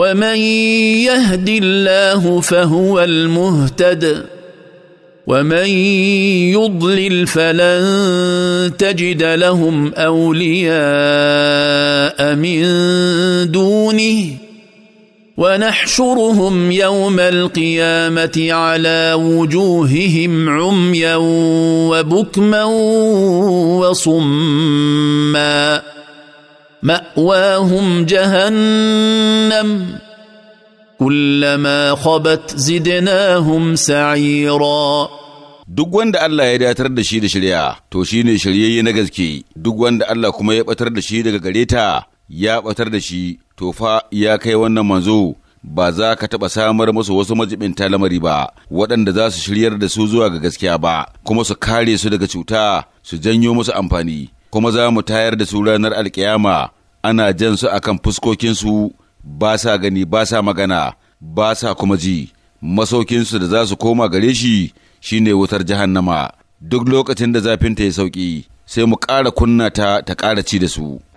ومن يهد الله فهو المهتد ومن يضلل فلن تجد لهم اولياء من دونه ونحشرهم يوم القيامه على وجوههم عميا وبكما وصمّا ماواهم جهنم كلما خبت زدناهم سعيرا duk wanda Allah ya datar da shi da shirya to shine shiryayye na gaske duk wanda Allah kuma ya batar da shi daga gare ta ya batar da shi to fa ya kai wannan manzo ba za ka taɓa samar musu wasu majibinta lamari ba waɗanda za su shiryar da su zuwa ga gaskiya ba kuma su kare su daga cuta su janyo musu amfani kuma za mu tayar da su ranar alkiyama ana jan su akan fuskokinsu ba sa gani ba sa magana ba sa kuma ji masaukinsu da za su koma gare shi shine wutar jahannama duk lokacin da zafinta ya sauki sai mu ƙara kunna ta ta ƙara ci da su